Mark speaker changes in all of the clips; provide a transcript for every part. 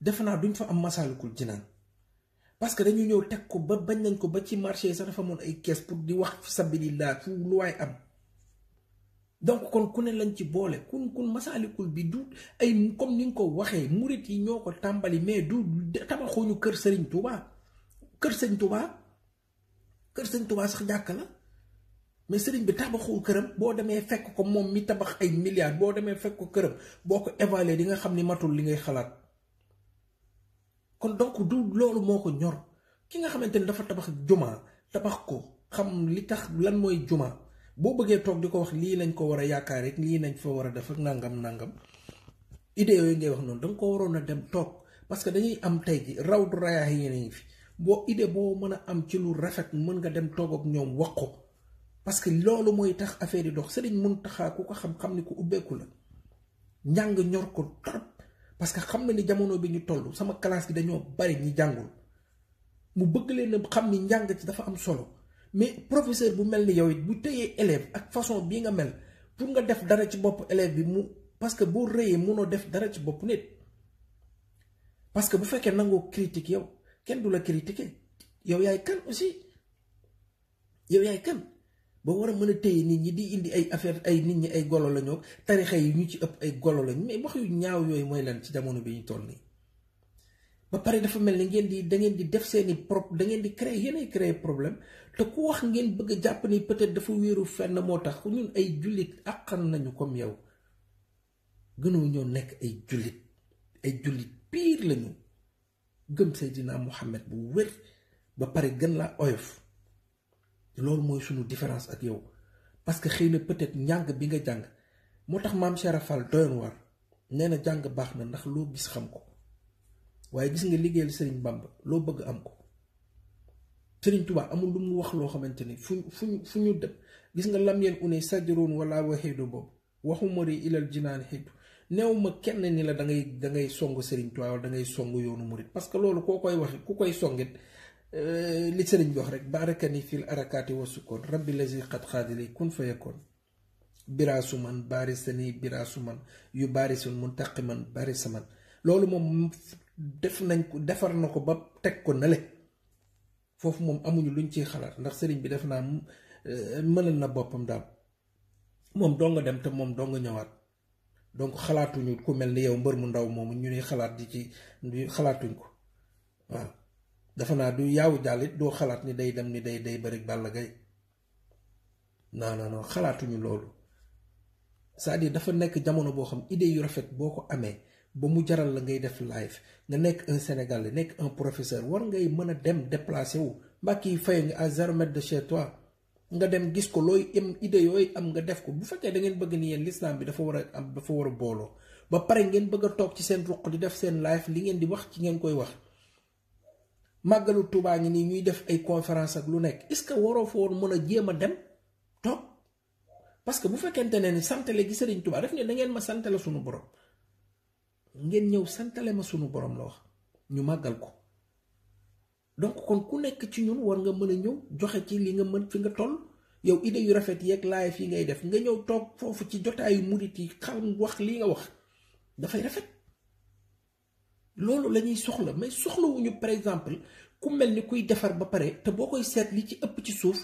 Speaker 1: defe naa duñ fa am masaalikul jinaan parce que dañu ñëw teg ko ba bañ nañ ko ba ci marché sax dafa amoon ay kees pour di wax fi sabilillah fu lu waay am donc kon ku ne lañ ci boole kun kun masaalikul bi du ay comme ni nga ko waxee murit yi ñoo ko tàmbali mais du tabaxuñu kër sëriñ Touba kër sëñ Touba kër sëriñ Touba sax jàkk la mais sëriñ bi tabaxul këram boo demee fekk ko moom mi tabax ay milliards boo demee fekk ko këram boo ko évaluer di nga xam ni matul li ngay xalaat kon donc du loolu moo ko ñor ki nga xamante ni dafa tabax juma tabax ko xam li tax lan mooy jumaa boo bëggee toog di ko wax lii lañ ko war a yaakaar rek lii nañ fa war a def ak nangam nangam idée yooyu ngay wax noonu da ko waroon a dem toog parce que dañuy am tey ji raw du rayaa yeneen fi boo idée boo mën a am ci lu rafet mën nga dem toog ak ñoom wax ko parce que loolu mooy tax affaire yi dox sëriñ Muntaxa ku ko xam-xam ni ku ubbeeku la njàng ñor ko trop parce que xam na ni jamono bi ñu toll sama classe gi dañoo bari ñi jàngul mu bëgg leen a xam ni njàng ci dafa am solo mais professeur bu mel ni yow it bu téyee élève ak façon bii nga mel pour nga def dara ci bopp élève bi mu parce que boo rëyee mënoo def dara ci bopp nit parce que bu fekkee nangoo critique yow kenn du la critiquer yow yaay kan aussi yow yaay kan ba war a mën a téye nit ñi di indi ay affaire ay nit ñi ay golo la ñoo tarixa yi ñu ci ëpp ay golo lañ mais wax yu ñaaw yooyu mooy lan ci jamono bi ñu toll nii ba pare dafa mel ni ngeen di da di def seeni prop da ngeen di créer yéenay créer problème te ku wax ngeen bëgg a jàpp ni peut-être dafa wéeru fenn moo tax ñun ay jullit àqan nañu comme yow gënoo ñoo nekk ay jullit ay jullit piir lañu gëm Seydina Muhammad bu wér ba pare gën laa oyof loolu mooy suñu différence ak yow parce que xëy na peut-être njàng bi nga jàng moo tax maam Cheikh Fall doyoon war nee na jàng baax na ndax loo gis xam ko waaye gis nga liggéeyal Serigne Bamba loo bëgg am ko Serigne Touba amul lu mu wax loo xamante ni fu fu fu ñu dem gis nga lam yeen une sajjaroon wala wa xëydo boobu waxuma ri ilal jinaan xëydu néew ma kenn ni la dangay dangay da ngay song Serigne Touba wala da ngay song yoonu murit parce que loolu koo koy wax ku koy songit Euh, li sëriñ bi wax rek baarakani fil arakaati wa sukkoon rabbi lazi xat xaadili kun fa yakkoon biraasu man baarisani biraasu man yu baarisun muntaqi man baarisa man loolu moom def nañ ko defar na ko ba teg ko nale foofu moom amuñu luñ ciy xalaat ndax sëriñ bi def naa euh, mën na boppam daal moom doo nga dem te moom doo nga ñëwaat donc xalaatuñu ku mel ni yow mbër mu ndaw moom ñu ne xalaat di ci xalaatuñ ko waaw dafa naa du yaawu jàll doo xalaat ni day dem ni day day bëri Balla Gaye non non xalaatuñu loolu cest à dafa nekk jamono boo xam idée yu rafet boo ko amee ba mu jaral la ngay def live nga nekk un sénégal Sénégalais nekk un professeur war ngay mën a dem déplacé wu mbàkk yi fay nga à zéro de chez toi nga dem gis ko looy am idée yooyu am nga def ko bu fekkee da ngeen bëgg ni yéen l'islam bi dafa war a am dafa war a booloo ba pare ngeen bëgg a toog ci seen ruq di def seen live li ngeen di wax ci ngeen koy wax. màggalu Tuubaa ngi nii ñuy def ay conférence ak lu nekk est-ce que waroo fa woon mën a jéem a dem toog parce que bu fekkente ne ni santale gi Sëriñ Tuubaa def ne da ngeen ma santale sunu borom ngeen ñëw santale ma sunu borom la wax ñu màggal ko donc kon ku nekk ci ñun war nga mën a ñëw joxe ci li nga mën fi nga toll yow idée yu rafet yeeg laay fii ngay def nga ñëw toog foofu ci jotaayu murit yi xam wax li nga wax dafay rafet. loolu la ñuy soxla mais soxlawuñu par exemple ku mel ni kuy defar ba pare te boo koy seet li ci ëpp ci suuf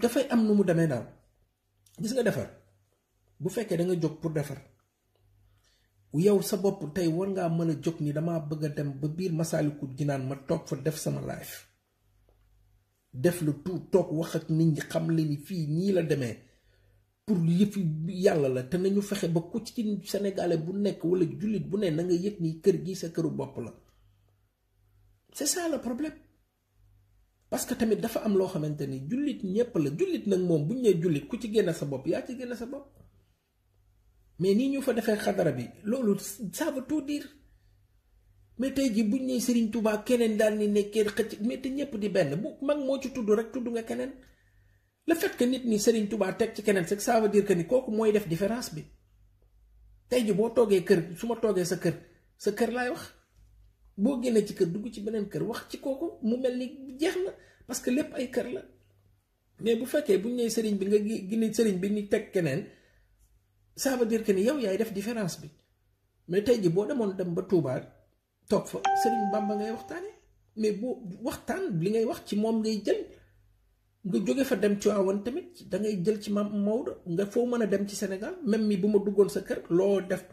Speaker 1: dafay am nu mu demee daal gis nga defar bu fekkee da jóg pour defar yow sa bopp tey war ngaa mën a jóg ni damaa bëgg a dem ba biir Masaalikul Jinaan ma toog fa def sama live def lu tout toog wax ak nit ñi xam le ni fii nii la demee. pour yëfi yàlla la te nañu fexe ba ku ci sénégalais bu nekk wala jullit bu ne nanga yëpp yëg ni kër gi sa këru bopp la c'est ça le problème parce que tamit dafa am loo xamante ni jullit ñépp la jullit nag moom buñ nee jullit ku ci génn sa bopp yaa ci génne sa bopp mais nii ñu fa defee xadara bi loolu ça veut tout dire mais tey jii buñ nee Serigne Touba keneen daal ni nekkee xëcc mais te ñépp di benn bu mag moo ci tudd rek tudd nga keneen le fait que nit ñi Serigne Touba teg ci keneen sax ça veut ni kooku mooy def différence bi tey ji boo toogee kër su ma toogee sa kër sa kër laay wax boo génnee ci kër dugg ci beneen kër wax ci kooku mu mel ni jeex na parce que lépp ay kër la mais bu fekkee bu ñu nee bi nga génne Serigne bi ni teg keneen ça veut que ni yow yaay def différence bi mais tey ji boo demoon dem ba Touba toog fa Serigne ba ngay waxtaanee mais boo waxtaan li ngay wax ci moom ngay jël. nga jóge fa dem Tiwaawan tamit da ngay jël ci maam Maodo nga foo mën a dem ci Sénégal même mi bu ma duggoon sa kër loo def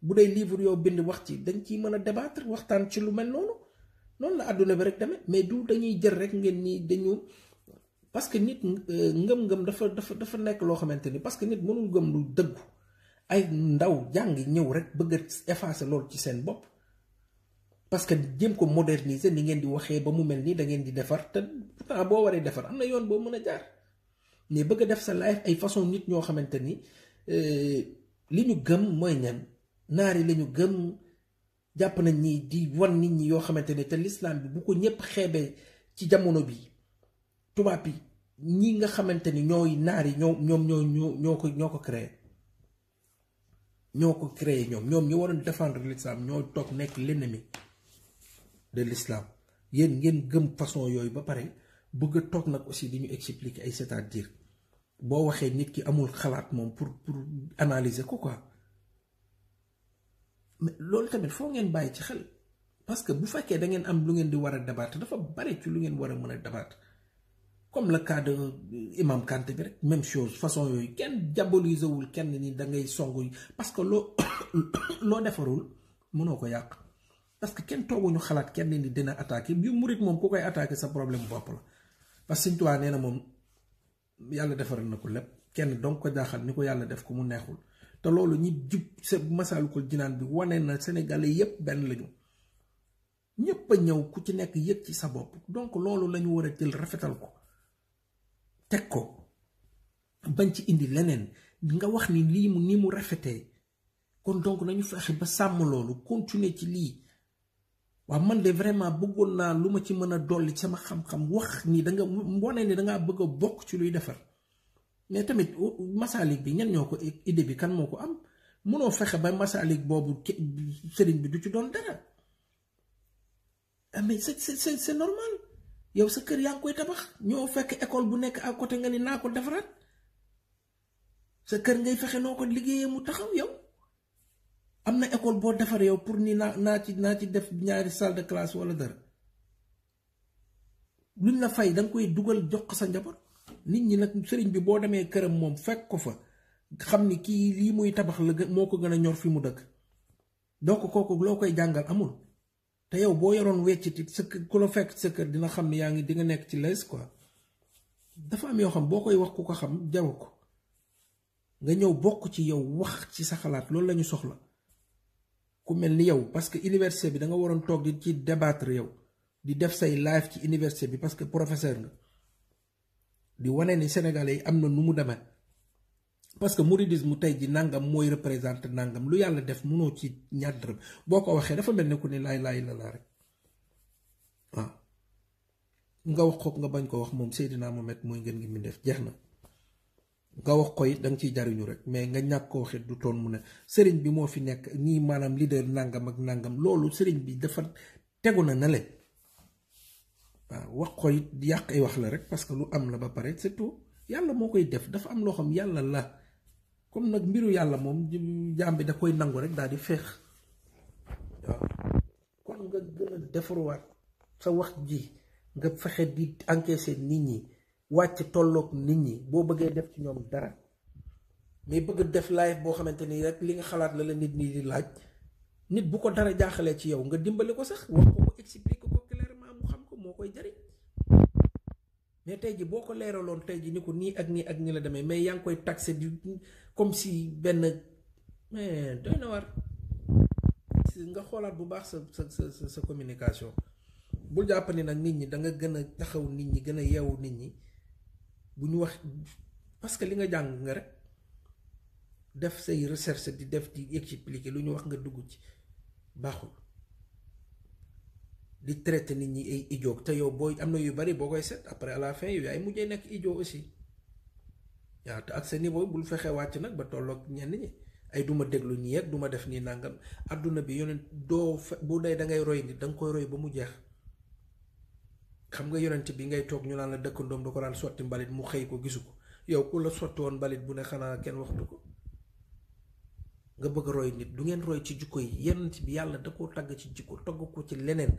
Speaker 1: bu dee livre yoo bind wax ci dañ ciy mën a débattre waxtaan ci lu mel noonu noonu la àdduna bi rek demee mais du dañuy jël rek ngeen ni dañu parce que nit euh, ngëm-ngëm dafa dafa dafa nekk loo xamante ni parce que nit mënul gëm lu dëggu ay ndaw jàng ñëw rek bëgg a effacer loolu ci seen bopp. parce que jéem ko moderniser ni ngeen di waxee ba mu mel nii da ngeen di defar te pourtant boo waree defar am na yoon boo mën a jaar mais bëgg a def sa live ay façon nit ñoo xamante ni euh, li ñu gëm mooy ñan naar yi la ñu jàpp nañ ni di wan nit ñi yoo xamante ne te lislaam bi bu ko ñëpp xeebee ci jamono bi tubaab yi ñi nga xamante ni ñooy naar yi ñoo ñoom ñoo ñoo ko créer ñoo ko créé ñoom ñoom ñu waroon défendre l'islam ñoo toog nekk l'ennemi de l'islam yéen ngeen gëm façon yooyu ba pare bëgg a toog nag aussi di ñu expliquer ay c'est-à-dire boo waxee nit ki amul xalaat moom pour pour analyser ko quoi mais loolu tamit foo ngeen bàyyi ci xel parce que bu fekkee da ngeen am lu ngeen di war a débattre dafa bari ci lu ngeen war a mën a débattre comme le cas de euh, Imam Kanté bi rek même chose façon yooyu kenn diabolisewul kenn nii da ngay songu parce que loo loo defarul mënoo ko yàq. parce que kenn tooguñu xalaat kenn ni dina attaqué bi murit moom ku koy attaqué sa problème bopp la parce que Sëñ na moom yàlla defaral na ko lépp kenn donc ko jaaxal ni ko yàlla def ko mu neexul te loolu ñi jub sa Masaalikul Jinaan bi wane na Sénégalais yépp benn lañu ñépp a ñëw ku ci nekk yëg ci sa bopp donc loolu lañu war a jël rafetal ko teg ko bañ ci indi leneen nga wax ni lii mu ni mu rafetee kon donc nañu fexe ba sàmm loolu continuer ci lii waaw man de vraiment bëggoon naa lu ma ci mën a dolli sama xam-xam wax nii da nga wane ni da ngaa bëgg a bokk ci luy defar mais tamit masaalik bi ñen ñoo ko idée bi kan moo ko am mënoo fexe ba masaalik boobu sëriñ bi du ci doon dara ah, mais sa c'est c'est normal yow sa kër yaa ngi koy tabax ñoo fekk école bu nekk à côté nga ni naa ko defaraat sa kër ngay fexe noo ko liggéeyee mu taxaw yow. am na école boo defar yow pour ni naa naa ci naa ci def ñaari salle de classe wala dara luñ la fay danga koy dugal jox ko sa njaboot nit ñi nag sëriñ bi boo demee këram moom fekk ko fa xam ni kii lii muy tabax la moo ko gën a ñor fi mu dëkk donc kooku loo koy jàngal amul te yow boo yoroon wecciti sa ku la fekk sa kër dina xam ne yaa ngi di nga nekk ci les quoi dafa am yoo xam boo koy wax ku ko xam jaru ko nga ñëw bokk ci yow wax ci sa xalaat loolu lañu soxla ku mel ni yow parce que université bi da nga waroon toog ci débattre yow di def say live ci université bi parce que professeur nga di wane ni sénégalais am na nu mu demee parce que mouridisme tey ji nangam mooy représenté nangam lu yàlla def mënoo ci ñaar boo ko waxee dafa mel ne ku ne laay laay la laa rek waaw nga wax ko nga bañ ko wax moom Seydina Mohamed mooy ngeen ngi def jeex na. nga wax ko it da nga ciy jariñu rek mais nga ñàkk ko waxit du toon mu ne sëriñ bi moo fi nekk nii maanaam leader nàngam ak nàngam loolu sëriñ bi dafa tegu na na le waaw wax ko it yàq ay wax la rek parce que lu am la ba pare surtout yàlla moo koy def dafa am loo xam yàlla la comme nag mbiru yàlla moom jaam bi da koy nangu rek daal di feex waaw kon nga gën a defaruwaat sa wax ji nga fexe di encaisser nit ñi wàcc tolloog nit ñi boo bëggee def ci ñoom dara mais bëgg def live boo xamante ni rek li nga xalaat la la nit ñi di laaj nit bu ko dara jaaxalee ci yow nga dimbali ko sax wax ko ko expliquer ko clairement mu xam ko moo koy jariñ mais tey ji boo ko leeraloon tey ji ni ko nii ak nii ak ñi la demee mais yaa ngi koy taxé comme si benn mais doy war nga xoolaat bu baax sa sa sa sa communication bul jàpp ni nag nit ñi da nga gën a taxaw nit ñi gën a yeewu nit ñi bu ñu wax parce que li nga jàng nga rek def say recherche di def di expliquer lu ñu wax nga dugg ci baaxul di traiter nit ñi ay ijoo te yow booy am na yu bari boo koy seet après à la fin yow yaay mujjee nekk idiot aussi waaw te ak sa niveau bul fexe wàcc nag ba tolloog ñenn ñi ay duma déglu ñii ak duma def nii nangam àdduna bi yonent doo fe bu dee dangay roy nit danga koy roy ba mu jeex xam nga yonent bi ngay toog ñu naan la dëkkandoom da ko daan sotti mbalit mu xëy ko gisu ko yow ku la sotti woon mbalit bu ne xanaa kenn waxtu ko nga bëgg roy nit du ngeen roy ci jikko yi yonent bi yàlla da koo tagg ci jikko togg ko ci leneen